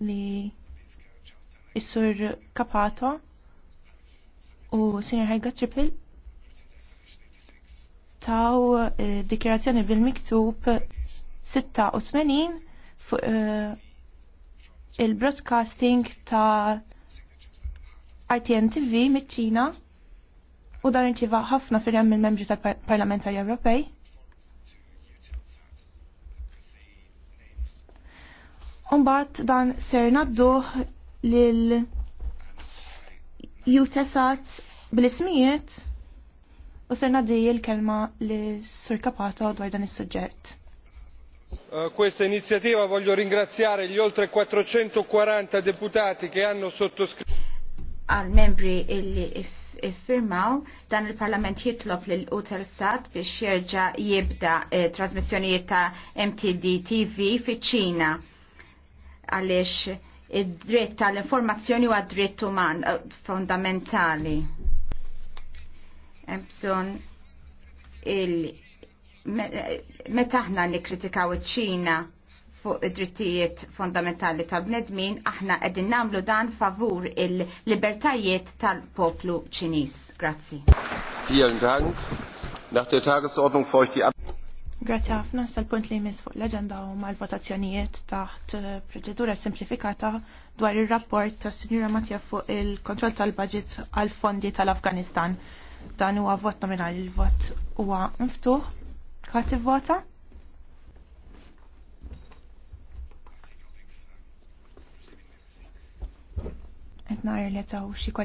li Is-Sur Kapato u Sr. Hajga Triple taw eh, dikjerazzjoni bil-miktub 86 fuq eh, il-broadcasting ta' RTN TV mit-ċina u dan irċiva ħafna firjem mill-membri tal-Parlamentari Ewropej. Umbat dan ser nadduh lil jutesat bl-ismijiet u ser naddi il-kelma li sur kapata dwar dan is-suġġett. Eh, questa iniziativa voglio ringraziare gli oltre 440 deputati che hanno sottoscritto għal membri illi iffirmaw dan il-Parlament jitlob lil utelsat biex jirġa jibda trasmissjoni eh, trasmissjonijiet ta' MTD TV fiċ-Ċina għaliex id-dritt tal-informazzjoni għad dritt uman eh, fondamentali. Ebson il eh, meta aħna nikkritikaw iċ-Ċina fuq id-drittijiet fondamentali tal-bnedmin, aħna qegħdin nagħmlu dan favur il-libertajiet tal-poplu Ċiniż. Grazzi. Vielen Dank. Nach der Tagesordnung folgt die Grazie ħafna sal-punt li jmiss fuq l-agenda u mal votazzjonijiet taħt eh, proċedura simplifikata dwar il-rapport ta' Sinjura Matja fuq il-kontroll tal-budget għal fondi tal-Afganistan. Dan huwa vot nominali il-vot huwa mftuħ. Ħadd vota Qed li taw xie